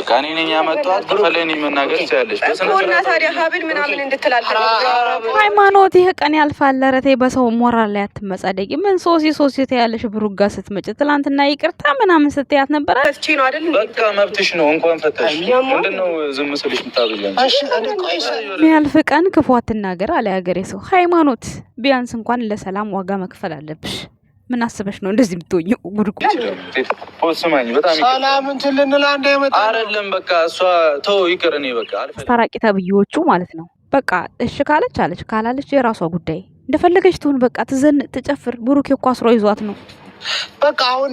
በቃ እኔ ነኝ ያመጣኋት። ከፈለኝ መናገር ትችላለች። እና ታዲያ ሀብል ምናምን እንድትላለ ሃይማኖት፣ ይህ ቀን ያልፋል። ኧረ ተይ በሰው ሞራል ላይ አትመጻደቂ። ምን ሶሲ ሶሲ ትያለሽ? ብሩጋ ስትመጭ ትላንትና ይቅርታ ምናምን ስትያት ነበረ። ነው በቃ መብትሽ ነው፣ እንኳን ፈታሽ። ምንድን ነው ዝም ስልሽ የምታብያለሽ? የሚያልፍ ቀን ክፉ አትናገር አለ ያገሬ ሰው። ሃይማኖት ቢያንስ እንኳን ለሰላም ዋጋ መክፈል አለብሽ። ምን አስበሽ ነው እንደዚህ የምትሆኝ? ጉድጉ አይደለም በቃ እሷ ተው ይቅር። እኔ በቃ አስታራቂ ተብዬዎቹ ማለት ነው። በቃ እሺ ካለች አለች፣ ካላለች የራሷ ጉዳይ። እንደፈለገች ትሁን በቃ ትዘን ትጨፍር። ብሩኬ እኮ አስሯ ይዟት ነው። በቃ አሁን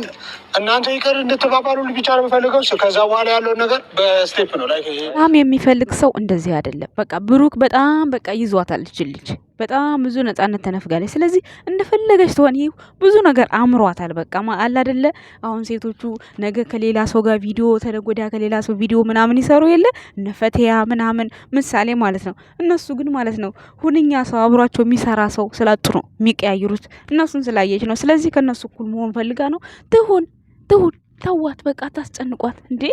እናንተ ይቅር እንድትባባሉ ብቻ ነው የሚፈልገው። ከዛ በኋላ ያለውን ነገር በስቴፕ ነው ላይ በጣም የሚፈልግ ሰው እንደዚህ አይደለም። በቃ ብሩክ በጣም በቃ ይዟታል ልጅ ልጅ በጣም ብዙ ነጻነት ተነፍጋለች። ስለዚህ እንደፈለገች ትሆን። ይህ ብዙ ነገር አምሯታል። በቃ አለ አይደለ? አሁን ሴቶቹ ነገ ከሌላ ሰው ጋር ቪዲዮ ተደጎዳ ከሌላ ሰው ቪዲዮ ምናምን ይሰሩ የለ ነፈቴያ ምናምን ምሳሌ ማለት ነው። እነሱ ግን ማለት ነው ሁንኛ ሰው አብሯቸው የሚሰራ ሰው ስላጡ ነው የሚቀያይሩት። እነሱን ስላየች ነው። ስለዚህ ከእነሱ እኩል መሆን ፈልጋ ነው። ትሁን ትሁን፣ ተዋት በቃ ታስጨንቋት እንዴ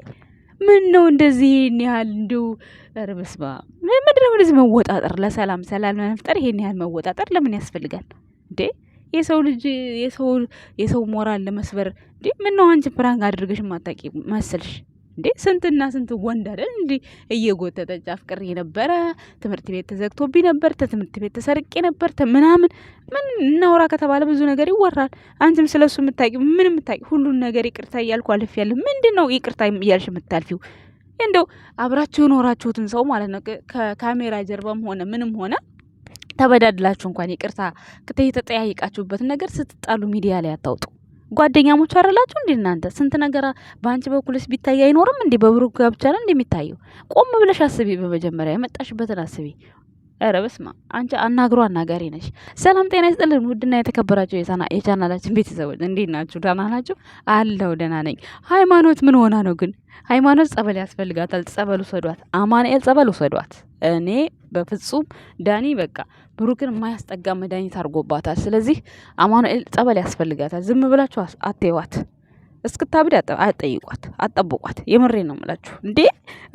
ምን ነው እንደዚህ ይህን ያህል እንዲ ርብስባ ምንድነው? እንደዚህ መወጣጠር ለሰላም ሰላም ለመፍጠር ይሄን ያህል መወጣጠር ለምን ያስፈልጋል እንዴ? የሰው ልጅ የሰው ሞራል ለመስበር እንዴ? ምን ነው አንቺ ፕራንክ አድርገሽ ማታቂ መሰልሽ? እንዴ ስንትና ስንት ወንድ አይደል እንዴ እየጎተተ አፍቅሬ ነበረ፣ ትምህርት ቤት ተዘግቶብኝ ነበር፣ ትምህርት ቤት ተሰርቄ ነበር ምናምን ምን እናውራ ከተባለ ብዙ ነገር ይወራል። አንቺም ስለሱ የምታውቂው ምን የምታውቂው ሁሉን ነገር ይቅርታ እያልኩ አልፌያለሁ። ምንድን ነው ይቅርታ እያልሽ የምታልፊው? እንደው አብራችሁ የኖራችሁትን ሰው ማለት ነው ከካሜራ ጀርባም ሆነ ምንም ሆነ ተበዳድላችሁ እንኳን ይቅርታ ከተጠያይቃችሁበትን ነገር ስትጣሉ ሚዲያ ላይ አታውጡ። ጓደኛሞች አረላችሁ እንዴ እናንተ? ስንት ነገር በአንቺ በኩልስ ቢታይ አይኖርም እንዴ? በብሩክ ጋብቻ ነው የሚታየው ቆም ብለሽ አስቢ። በመጀመሪያ የመጣሽበትን አስቢ። ኧረ በስመ አብ አንቺ አናግሮ አናጋሪ ነሽ። ሰላም ጤና ይስጥልን ውድና የተከበራችሁ የቻናላችን ቤተሰቦች እንዴት ናችሁ? ደህና ናችሁ? አለው ደህና ነኝ። ሃይማኖት ምን ሆና ነው ግን? ሃይማኖት ጸበል ያስፈልጋታል። ጸበል ውሰዷት። አማንኤል ጸበል ውሰዷት። እኔ በፍጹም ዳኒ በቃ ብሩክን የማያስጠጋ መድኃኒት አድርጎባታል። ስለዚህ አማኑኤል ጸበል ያስፈልጋታል። ዝም ብላችሁ አትይዋት፣ እስክታብድ አጠይቋት፣ አጠብቋት። የምሬ ነው ምላችሁ እንዴ!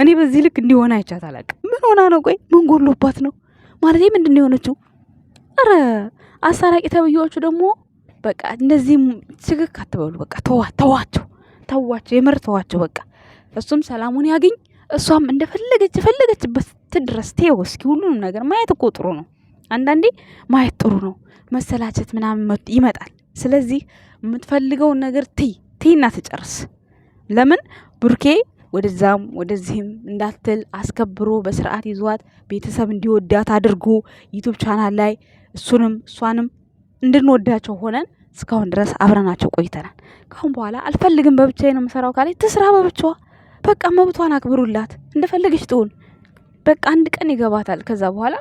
እኔ በዚህ ልክ እንዲሆን አይቻት አላውቅም። ምን ሆና ነው? ቆይ ምን ጎሎባት ነው ማለት ምንድን ነው የሆነችው? ኧረ አሳራቂ ተብዬዎቹ ደግሞ በቃ እንደዚህ ችግር አትበሉ። በቃ ተዋ፣ ተዋቸው፣ ተዋቸው፣ የምር ተዋቸው። በቃ እሱም ሰላሙን ያግኝ፣ እሷም እንደፈለገች ፈለገችበት ትድረስ። ቴዎ እስኪ ሁሉንም ነገር ማየት እኮ ጥሩ ነው። አንዳንዴ ማየት ጥሩ ነው። መሰላቸት ምናምን ይመጣል። ስለዚህ የምትፈልገውን ነገር ትይ ትይና ትጨርስ። ለምን ብሩኬ ወደዛም ወደዚህም እንዳትል አስከብሮ በስርዓት ይዟት ቤተሰብ እንዲወዳት አድርጎ ዩቱብ ቻናል ላይ እሱንም እሷንም እንድንወዳቸው ሆነን እስካሁን ድረስ አብረናቸው ቆይተናል። ካሁን በኋላ አልፈልግም በብቻዬ ነው የምሰራው ካለ ትስራ በብቻዋ። በቃ መብቷን አክብሩላት፣ እንደፈለገች ትሁን። በቃ አንድ ቀን ይገባታል። ከዛ በኋላ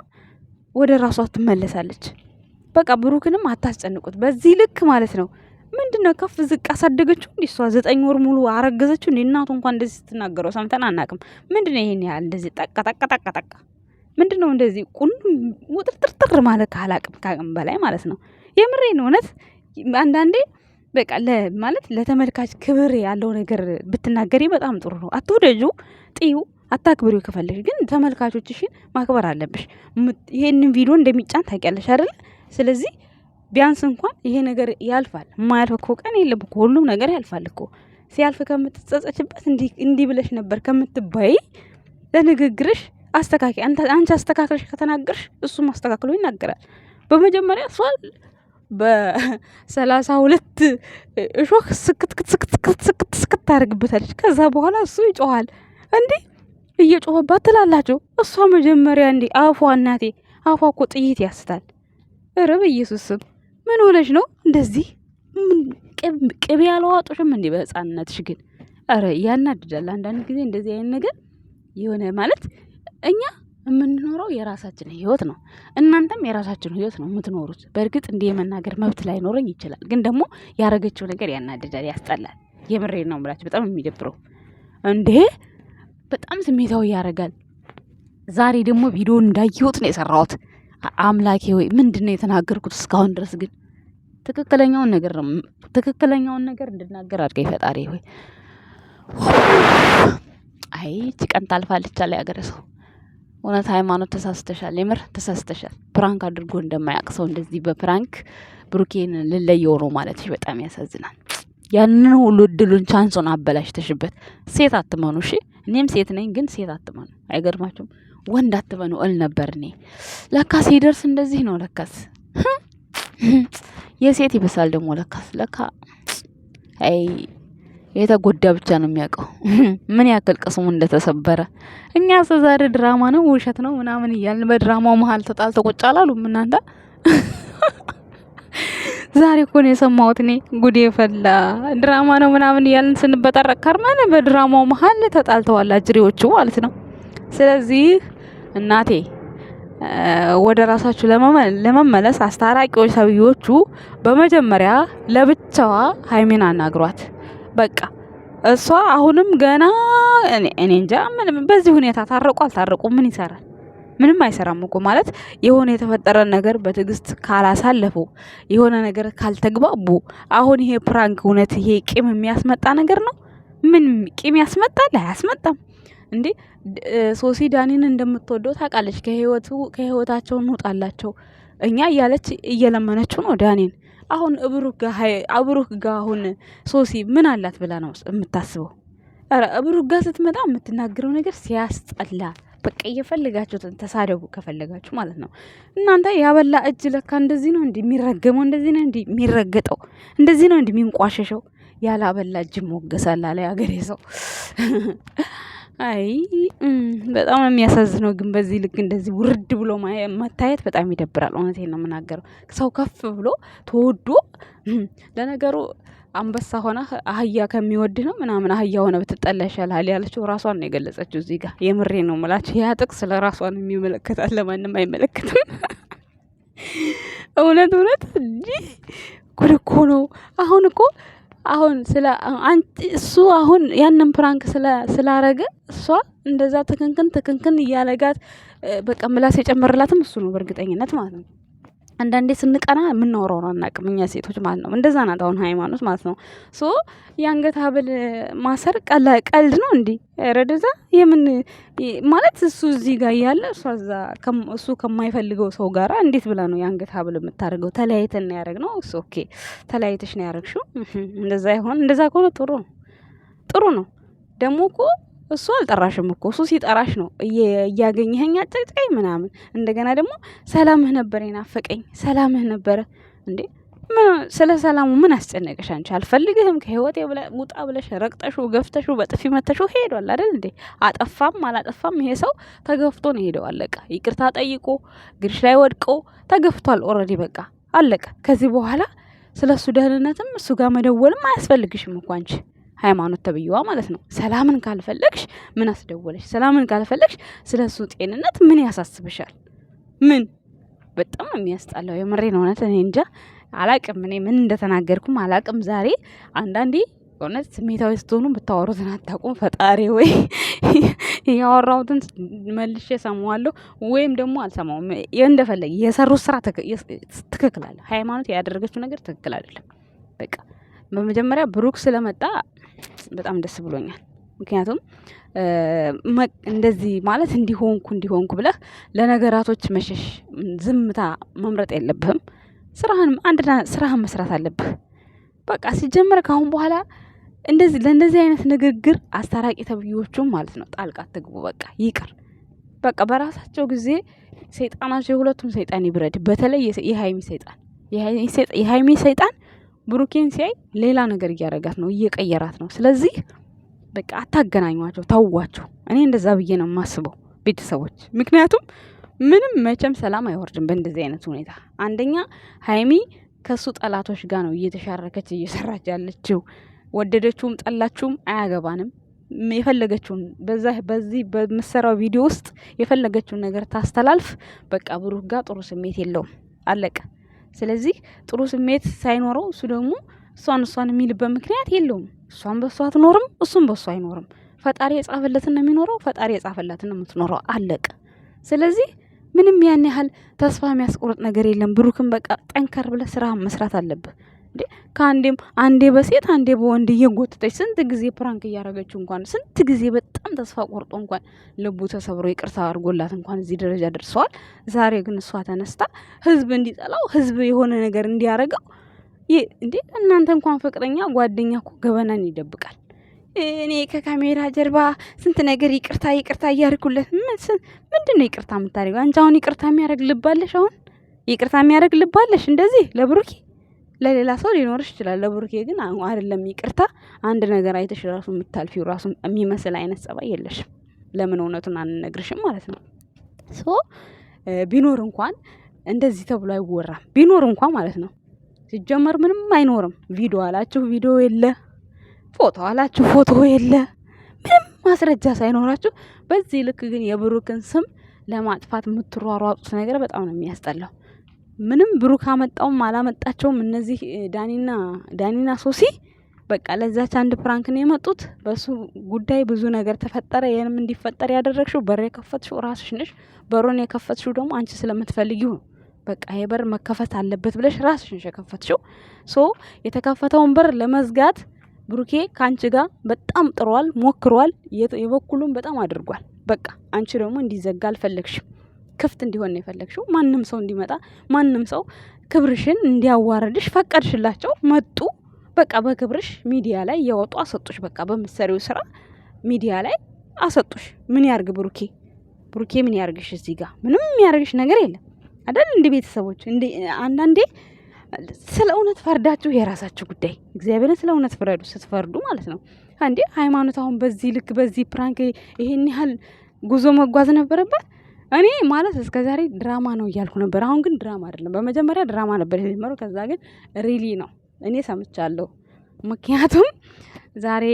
ወደ ራሷ ትመለሳለች። በቃ ብሩክንም አታስጨንቁት በዚህ ልክ ማለት ነው። ምንድን ነው ከፍ ዝቅ አሳደገችው እንዲ እሷ ዘጠኝ ወር ሙሉ አረገዘችው እንዲ እናቱ እንኳን እንደዚህ ስትናገረው ሰምተን አናቅም። ምንድን ነው ይሄን ያህል እንደዚህ ጠቃ ጠቃ ጠቃ ጠቃ ምንድን ነው እንደዚህ ቁን ውጥርጥርጥር ማለት ካላቅም ካቅም በላይ ማለት ነው። የምሬን እውነት አንዳንዴ በቃ ማለት ለተመልካች ክብር ያለው ነገር ብትናገሪ በጣም ጥሩ ነው። አትውደጁ ጥዩ አታክብሪው ከፈለግሽ ግን ተመልካቾችሽን ማክበር አለብሽ። ይሄንን ቪዲዮ እንደሚጫን ታውቂያለሽ አይደለ? ስለዚህ ቢያንስ እንኳን ይሄ ነገር ያልፋል። የማያልፍ እኮ ቀን የለም እኮ ሁሉም ነገር ያልፋል እኮ። ሲያልፍ ከምትጸጸችበት እንዲህ ብለሽ ነበር ከምትባይ ለንግግርሽ አስተካኪ። አንቺ አስተካክለሽ ከተናገርሽ እሱም አስተካክሎ ይናገራል። በመጀመሪያ እሷ በሰላሳ ሁለት እሾህ ስክትክት ስክትክት ስክት ስክት ታደርግበታለች። ከዛ በኋላ እሱ ይጮኋል እንዲህ እየጮኸባት ትላላችሁ። እሷ መጀመሪያ እንዴ አፏ እናቴ አፏ እኮ ጥይት ያስታል። ረብ በኢየሱስ ስም ምን ሆነች ነው እንደዚህ? ቅቤ አላዋጡሽም እንዴ በህፃንነትሽ? ግን ኧረ ያናድዳል አንዳንድ ጊዜ እንደዚህ አይነት ነገር የሆነ ማለት እኛ የምንኖረው የራሳችን ህይወት ነው። እናንተም የራሳችን ህይወት ነው የምትኖሩት። በእርግጥ እንዲህ የመናገር መብት ላይኖረኝ ይችላል፣ ግን ደግሞ ያረገችው ነገር ያናድዳል፣ ያስጠላል። የምሬ ነው የምላችሁ። በጣም የሚደብረው እንዴ በጣም ስሜታዊ ያደርጋል። ዛሬ ደግሞ ቪዲዮ እንዳየሁት ነው የሰራሁት። አምላኬ ወይ ምንድን ነው የተናገርኩት እስካሁን ድረስ ግን ትክክለኛውን ነገር ነው ትክክለኛውን ነገር እንድናገር አድርገኝ ፈጣሪ ወይ። አይ እቺ ቀን ታልፋለች አለ ያገረ ሰው። እውነት ሃይማኖት ተሳስተሻል፣ የምር ተሳስተሻል። ፕራንክ አድርጎ እንደማያውቅ ሰው እንደዚህ በፕራንክ ብሩኬን ልለየው ነው ማለትሽ በጣም ያሳዝናል። ያንን ሁሉ እድሉን ቻንሶን አበላሽተሽበት። ሴት አትመኑ እሺ። እኔም ሴት ነኝ፣ ግን ሴት አትመኑ። አይገርማችሁም? ወንድ አትመኑ እል ነበር እኔ። ለካስ ሲደርስ እንደዚህ ነው። ለካስ የሴት ይበሳል ደግሞ ለካስ ለካ አይ የተጎዳ ብቻ ነው የሚያውቀው ምን ያክል ቅስሙ እንደተሰበረ። እኛ እስከ ድራማ ነው ውሸት ነው ምናምን እያልን በድራማው መሀል ተጣል ተቆጫ አላሉም እናንተ ዛሬ እኮ ነው የሰማሁት እኔ ጉዴ ፈላ። ድራማ ነው ምናምን እያልን ስንበጠረቅ ከርመን በድራማው መሀል ተጣልተዋል አጅሬዎቹ ማለት ነው። ስለዚህ እናቴ ወደ ራሳችሁ ለመመለስ አስታራቂዎች ሰውዮቹ በመጀመሪያ ለብቻዋ ሀይሚን አናግሯት። በቃ እሷ አሁንም ገና እኔ እንጃ በዚህ ሁኔታ ታረቁ አልታረቁ ምን ይሰራል? ምንም አይሰራም እኮ ማለት የሆነ የተፈጠረ ነገር በትዕግስት ካላሳለፉ የሆነ ነገር ካልተግባቡ፣ አሁን ይሄ ፕራንክ እውነት ይሄ ቂም የሚያስመጣ ነገር ነው? ምን ቂም ያስመጣል? አያስመጣም እንዴ። ሶሲ ዳኒን እንደምትወደው ታውቃለች። ከህይወቱ ከህይወታቸው እንውጣላቸው እኛ እያለች እየለመነችው ነው ዳኒን። አሁን ብሩክ ጋ አሁን ሶሲ ምን አላት ብላ ነው የምታስበው? ኧረ ብሩክ ስትመጣ የምትናገረው ነገር ሲያስጠላ በቃ እየፈለጋችሁትን ተሳደቡ ከፈለጋችሁ ማለት ነው። እናንተ ያበላ እጅ ለካ እንደዚህ ነው እንዲህ የሚረገመው፣ እንደዚህ ነው እንዲህ የሚረገጠው፣ እንደዚህ ነው እንዲህ የሚንቋሸሸው። ያላበላ እጅ ሞገሳል አለ ያገሬ ሰው። አይ በጣም የሚያሳዝነው። ግን በዚህ ልክ እንደዚህ ውርድ ብሎ መታየት በጣም ይደብራል። እውነቴን ነው የምናገረው። ሰው ከፍ ብሎ ተወዶ ለነገሩ አንበሳ ሆና አህያ ከሚወድህ ነው ምናምን አህያ ሆነ ብትጠላ ይሻልሃል ያለችው ራሷን ነው የገለጸችው። እዚህ ጋር የምሬ ነው የምላችሁ። ያ ጥቅስ ለራሷን የሚመለከታት ለማንም አይመለከትም። እውነት እውነት እንጂ ጉድ እኮ ነው። አሁን እኮ አሁን ስለ አንቺ እሱ አሁን ያንን ፕራንክ ስላረገ እሷ እንደዛ ትክንክን ትክንክን እያለጋት በቃ ምላስ የጨመርላትም እሱ ነው በእርግጠኝነት ማለት ነው። አንዳንዴ ስንቀና ነው አናውቅም እኛ ሴቶች ማለት ነው። እንደዛ ናት አሁን ሃይማኖት ማለት ነው። ሶ የአንገት ሀብል ማሰር ቀልድ ነው እንዲ ረደዛ የምን ማለት እሱ እዚህ ጋር እያለ እሷዛ እሱ ከማይፈልገው ሰው ጋር እንዴት ብላ ነው የአንገት ሀብል የምታደርገው? ተለያይተን ነው ያደረግነው። እሱ ኦኬ ተለያይተሽ ነው ያደረግሽው። እንደዛ ይሆን እንደዛ ከሆነ ጥሩ ነው ጥሩ ነው ደግሞ እኮ እሱ አልጠራሽም እኮ እሱ ሲጠራሽ ነው እያገኘኸኝ አጨቅጭቀኝ ምናምን። እንደገና ደግሞ ሰላምህ ነበር የናፈቀኝ ሰላምህ ነበረ እንዴ። ስለ ሰላሙ ምን አስጨነቀሽ አንቺ? አልፈልግህም ከህይወቴ ውጣ ብለሽ ረቅጠሹ ገፍተሹ በጥፊ መተሹ ሄዷል አይደል እንዴ? አጠፋም አላጠፋም ይሄ ሰው ተገፍቶ ነው ሄደው፣ አለቀ። ይቅርታ ጠይቆ ግርሽ ላይ ወድቆ ተገፍቷል። ኦልሬዲ በቃ አለቀ። ከዚህ በኋላ ስለ እሱ ደህንነትም እሱ ጋር መደወልም አያስፈልግሽም እኮ አንቺ ሃይማኖት ተብዬዋ ማለት ነው። ሰላምን ካልፈለግሽ ምን አስደወለሽ? ሰላምን ካልፈለግሽ ስለ እሱ ጤንነት ምን ያሳስብሻል? ምን በጣም ነው የሚያስጣለው። የምሬን እውነት እኔ እንጃ አላቅም። እኔ ምን እንደተናገርኩም አላቅም። ዛሬ አንዳንዴ እውነት ስሜታዊ ስትሆኑ ብታወሩትን አታውቁም። ፈጣሪ ወይ ያወራሁትን መልሼ ሰማዋለሁ ወይም ደግሞ አልሰማውም። እንደፈለግ የሰሩት ስራ ትክክል አለ። ሃይማኖት ያደረገችው ነገር ትክክል አይደለም። በቃ በመጀመሪያ ብሩክ ስለመጣ በጣም ደስ ብሎኛል። ምክንያቱም እንደዚህ ማለት እንዲሆንኩ እንዲሆንኩ ብለህ ለነገራቶች መሸሽ፣ ዝምታ መምረጥ የለብህም። ስራህንም አንድ ስራህን መስራት አለብህ። በቃ ሲጀመር ካሁን በኋላ እንደዚህ ለእንደዚህ አይነት ንግግር አስታራቂ ተብዬዎቹም ማለት ነው ጣልቃ አትግቡ። በቃ ይቅር። በቃ በራሳቸው ጊዜ ሰይጣናቸው የሁለቱም ሰይጣን ይብረድ። በተለይ የሀይሚ ሰይጣን የሀይሚ ሰይጣን ብሩኬን ሲያይ ሌላ ነገር እያደረጋት ነው፣ እየቀየራት ነው። ስለዚህ በቃ አታገናኟቸው፣ ታዋቸው። እኔ እንደዛ ብዬ ነው የማስበው ቤተሰቦች። ምክንያቱም ምንም መቼም ሰላም አይወርድም በእንደዚህ አይነት ሁኔታ። አንደኛ ሀይሚ ከሱ ጠላቶች ጋር ነው እየተሻረከች እየሰራች ያለችው። ወደደችውም ጠላችውም አያገባንም። የፈለገችውን በዛ በዚህ በምሰራው ቪዲዮ ውስጥ የፈለገችውን ነገር ታስተላልፍ። በቃ ብሩክ ጋር ጥሩ ስሜት የለውም። አለቀ። ስለዚህ ጥሩ ስሜት ሳይኖረው እሱ ደግሞ እሷን እሷን የሚልበት ምክንያት የለውም። እሷን በእሷ አትኖርም፣ እሱም በእሷ አይኖርም። ፈጣሪ የጻፈለትን ነው የሚኖረው፣ ፈጣሪ የጻፈለትን ነው የምትኖረው። አለቅ። ስለዚህ ምንም ያን ያህል ተስፋ የሚያስቆርጥ ነገር የለም። ብሩክን በቃ ጠንከር ብለህ ስራ መስራት አለብህ። ከአንዴም አንዴ በሴት አንዴ በወንድ እየጎተተች ስንት ጊዜ ፕራንክ እያደረገችው እንኳን ስንት ጊዜ በጣም ተስፋ ቆርጦ እንኳን ልቡ ተሰብሮ ይቅርታ አድርጎላት እንኳን እዚህ ደረጃ ደርሰዋል። ዛሬ ግን እሷ ተነስታ ህዝብ እንዲጠላው ህዝብ የሆነ ነገር እንዲያደርገው እንዴ! እናንተ እንኳን ፍቅረኛ ጓደኛ እኮ ገበናን ይደብቃል። እኔ ከካሜራ ጀርባ ስንት ነገር ይቅርታ ይቅርታ እያደርጉለት ምንድን ነው ይቅርታ የምታደርገው አንቺ? አሁን ይቅርታ የሚያደርግ ልባለሽ? አሁን ይቅርታ የሚያደርግ ልባለሽ? እንደዚህ ለብሩኪ ለሌላ ሰው ሊኖርሽ ይችላል። ለብሩኬ ግን አይደለም። ይቅርታ አንድ ነገር አይተሽ ራሱ የምታልፊው ራሱ የሚመስል አይነት ጸባይ የለሽም። ለምን እውነቱን አንነግርሽም ማለት ነው። ሶ ቢኖር እንኳን እንደዚህ ተብሎ አይወራም። ቢኖር እንኳን ማለት ነው ሲጀመር ምንም አይኖርም። ቪዲዮ አላችሁ ቪዲዮ የለ፣ ፎቶ አላችሁ ፎቶ የለ፣ ምንም ማስረጃ ሳይኖራችሁ በዚህ ልክ ግን የብሩክን ስም ለማጥፋት የምትሯሯጡት ነገር በጣም ነው የሚያስጠላው። ምንም ብሩክ አመጣውም አላመጣቸውም እነዚህ ዳኒና ዳኒና ሶሲ በቃ ለዛች አንድ ፕራንክ ነው የመጡት። በሱ ጉዳይ ብዙ ነገር ተፈጠረ። ይህንም እንዲፈጠር ያደረግሽው በር የከፈትሽው ራስሽ ነሽ። በሩን የከፈትሽው ደግሞ አንቺ ስለምትፈልጊው ነው። በቃ የበር መከፈት አለበት ብለሽ ራስሽ ነሽ የከፈትሽው። ሶ የተከፈተውን በር ለመዝጋት ብሩኬ ከአንቺ ጋር በጣም ጥሯል፣ ሞክሯል፣ የበኩሉን በጣም አድርጓል። በቃ አንቺ ደግሞ እንዲዘጋ አልፈለግሽም። ክፍት እንዲሆን ነው የፈለግሽው። ማንም ሰው እንዲመጣ ማንም ሰው ክብርሽን እንዲያዋርድሽ ፈቀድሽላቸው። መጡ በቃ በክብርሽ ሚዲያ ላይ እያወጡ አሰጡሽ። በቃ በምትሰሪው ስራ ሚዲያ ላይ አሰጡሽ። ምን ያርግ ብሩኬ? ብሩኬ ምን ያርግሽ? እዚህ ጋር ምንም የሚያርግሽ ነገር የለም አይደል? እንደ ቤተሰቦች አንዳንዴ ስለ እውነት ፈርዳችሁ የራሳችሁ ጉዳይ። እግዚአብሔርን ስለ እውነት ፍረዱ፣ ስትፈርዱ ማለት ነው። አንዴ ሃይማኖት አሁን በዚህ ልክ በዚህ ፕራንክ ይሄን ያህል ጉዞ መጓዝ ነበረበት እኔ ማለት እስከ ዛሬ ድራማ ነው እያልኩ ነበር። አሁን ግን ድራማ አይደለም። በመጀመሪያ ድራማ ነበር የጀመረው፣ ከዛ ግን ሪሊ ነው እኔ ሰምቻለሁ። ምክንያቱም ዛሬ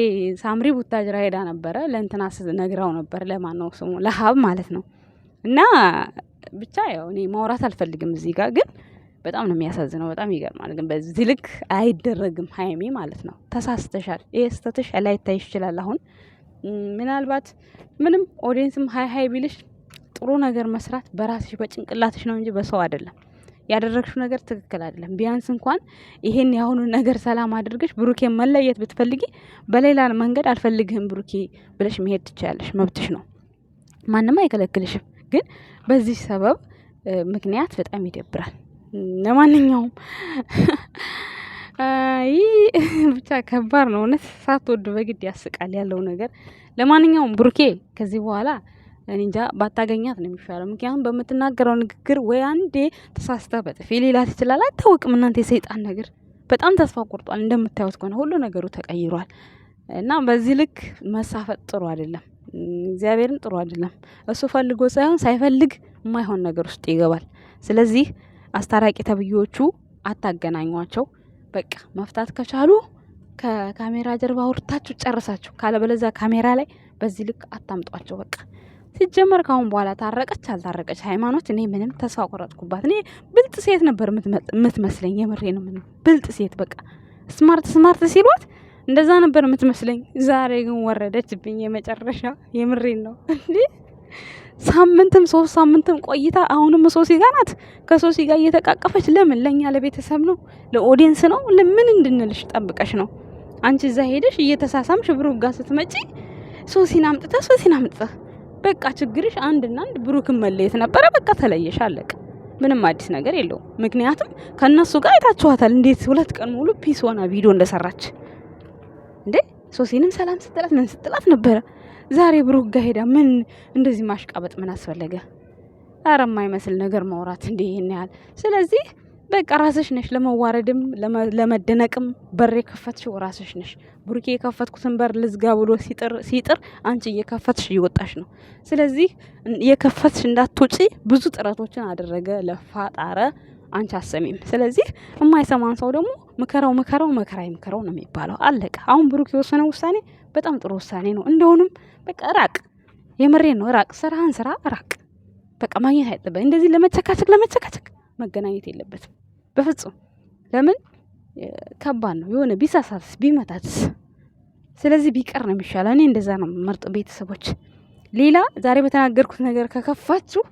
ሳምሪ ቡታጅራ ሄዳ ነበረ። ለእንትና ነግራው ነበር። ለማን ነው ስሙ? ለሀብ ማለት ነው። እና ብቻ ያው እኔ ማውራት አልፈልግም እዚህ ጋር ግን በጣም ነው የሚያሳዝነው። በጣም ይገርማል። ግን በዚህ ልክ አይደረግም። ሀይሜ ማለት ነው ተሳስተሻል። ይህ ስተትሽ ላይታይ ይችላል። አሁን ምናልባት ምንም ኦዲየንስም ሀይ ሀይ ቢልሽ ጥሩ ነገር መስራት በራስሽ በጭንቅላትሽ ነው እንጂ በሰው አይደለም። ያደረግሽው ነገር ትክክል አይደለም። ቢያንስ እንኳን ይሄን የአሁኑን ነገር ሰላም አድርገሽ ብሩኬ መለየት ብትፈልጊ በሌላ መንገድ አልፈልግህም ብሩኬ ብለሽ መሄድ ትችያለሽ፣ መብትሽ ነው። ማንም አይከለክልሽም። ግን በዚህ ሰበብ ምክንያት በጣም ይደብራል። ለማንኛውም ይህ ብቻ ከባድ ነው እውነት። ሳትወድ በግድ ያስቃል ያለው ነገር። ለማንኛውም ብሩኬ ከዚህ በኋላ እኔ እንጃ ባታገኛት ነው የሚሻለው። ምክንያቱም በምትናገረው ንግግር ወይ አንዴ ተሳስተ በጥፊ ሌላ ትችላል፣ አይታወቅም። እናንተ የሰይጣን ነገር በጣም ተስፋ ቆርጧል። እንደምታዩት ከሆነ ሁሉ ነገሩ ተቀይሯል። እና በዚህ ልክ መሳፈጥ ጥሩ አይደለም፣ እግዚአብሔርን ጥሩ አይደለም። እሱ ፈልጎ ሳይሆን ሳይፈልግ የማይሆን ነገር ውስጥ ይገባል። ስለዚህ አስታራቂ ተብዬዎቹ አታገናኟቸው። በቃ መፍታት ከቻሉ ከካሜራ ጀርባ ውርታችሁ ጨርሳችሁ፣ ካለበለዚያ ካሜራ ላይ በዚህ ልክ አታምጧቸው። በቃ ሲጀመር ካሁን በኋላ ታረቀች አልታረቀች ሃይማኖት እኔ ምንም ተስፋ ቆረጥኩባት። እኔ ብልጥ ሴት ነበር የምትመስለኝ፣ የምሬ ነው። ብልጥ ሴት በቃ ስማርት ስማርት ሲሏት እንደዛ ነበር የምትመስለኝ። ዛሬ ግን ወረደችብኝ የመጨረሻ። የምሬን ነው እንዴ ሳምንትም ሶስት ሳምንትም ቆይታ አሁንም ሶሲ ጋ ናት። ከሶሲ ጋ እየተቃቀፈች ለምን? ለእኛ ለቤተሰብ ነው ለኦዲየንስ ነው። ለምን እንድንልሽ ጠብቀሽ ነው አንቺ እዛ ሄደሽ እየተሳሳምሽ ብሩክ ስትመጪ ሶሲን አምጥተህ ሶሲን በቃ ችግርሽ አንድና አንድ ብሩክን መለየት ነበረ። በቃ ተለየሽ፣ አለቀ። ምንም አዲስ ነገር የለውም። ምክንያቱም ከእነሱ ጋር አይታችኋታል፣ እንዴት ሁለት ቀን ሙሉ ፒስ ሆና ቪዲዮ እንደሰራች እንዴ። ሶሲንም ሰላም ስትላት ምን ስትላት ነበረ። ዛሬ ብሩክ ጋር ሄዳ ምን እንደዚህ ማሽቃበጥ ምን አስፈለገ? አረ የማይመስል ነገር ማውራት እንዲህ ይህን ያህል። ስለዚህ በቃ ራስሽ ነሽ። ለመዋረድም ለመደነቅም በር የከፈትሽው ራስሽ ነሽ። ቡርኬ የከፈትኩትን በር ልዝጋ ብሎ ሲጥር አንቺ እየከፈትሽ እየወጣሽ ነው። ስለዚህ የከፈትሽ እንዳትወጪ ብዙ ጥረቶችን አደረገ፣ ለፋ፣ ጣረ። አንቺ አሰሚም። ስለዚህ የማይሰማን ሰው ደግሞ ምከረው ምከረው መከራ ይምከረው ነው የሚባለው። አለቀ። አሁን ብሩክ የወሰነው ውሳኔ በጣም ጥሩ ውሳኔ ነው። እንደሆንም በቃ ራቅ፣ የምሬ ነው ራቅ፣ ስራህን ስራ ራቅ። በቃ ማግኘት አይጠበቅ እንደዚህ ለመቸካቸክ ለመቸካቸክ መገናኘት የለበትም በፍጹም። ለምን ከባድ ነው። የሆነ ቢሳሳትስ ቢመታትስ? ስለዚህ ቢቀር ነው የሚሻለው። እኔ እንደዛ ነው መርጦ ቤተሰቦች። ሌላ ዛሬ በተናገርኩት ነገር ከከፋችሁ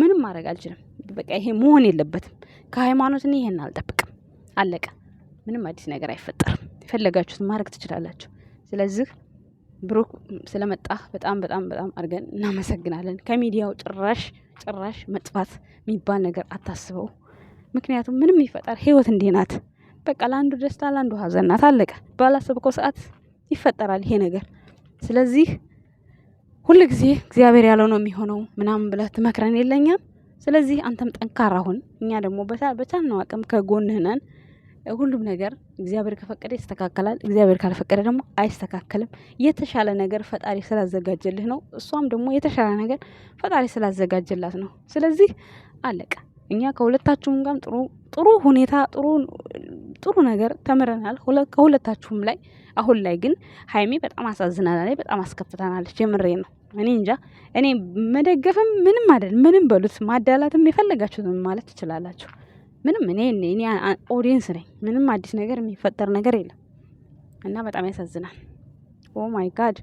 ምንም ማድረግ አልችልም። በቃ ይሄ መሆን የለበትም። ከሃይማኖት እኔ ይሄን አልጠብቅም። አለቀ። ምንም አዲስ ነገር አይፈጠርም። የፈለጋችሁት ማድረግ ትችላላችሁ። ስለዚህ ብሩክ ስለመጣ በጣም በጣም በጣም አድርገን እናመሰግናለን። ከሚዲያው ጭራሽ ጭራሽ መጥፋት የሚባል ነገር አታስበው። ምክንያቱም ምንም ይፈጠር ህይወት እንዲህ ናት። በቃ ለአንዱ ደስታ ለአንዱ ሀዘን ናት። አለቀ። ባላሰብከው ሰዓት ይፈጠራል ይሄ ነገር። ስለዚህ ሁል ጊዜ እግዚአብሔር ያለው ነው የሚሆነው ምናምን ብለህ ትመክረን የለኛም። ስለዚህ አንተም ጠንካራ ሁን፣ እኛ ደግሞ በቻልነው አቅም ከጎንህ ነን። ሁሉም ነገር እግዚአብሔር ከፈቀደ ይስተካከላል። እግዚአብሔር ካልፈቀደ ደግሞ አይስተካከልም። የተሻለ ነገር ፈጣሪ ስላዘጋጀልህ ነው። እሷም ደግሞ የተሻለ ነገር ፈጣሪ ስላዘጋጀላት ነው። ስለዚህ አለቀ። እኛ ከሁለታችሁም ጋር ጥሩ ጥሩ ሁኔታ ጥሩ ጥሩ ነገር ተምረናል ከሁለታችሁም ላይ። አሁን ላይ ግን ሀይሜ በጣም አሳዝናናለች፣ በጣም አስከፍታናለች። የምሬ ነው። እኔ እንጃ እኔ መደገፍም ምንም አይደል ምንም በሉት ማዳላትም የፈለጋችሁትም ማለት ትችላላችሁ። ምንም እኔ እኔ ኦዲየንስ ነኝ። ምንም አዲስ ነገር የሚፈጠር ነገር የለም እና በጣም ያሳዝናል። ኦ ማይ ጋድ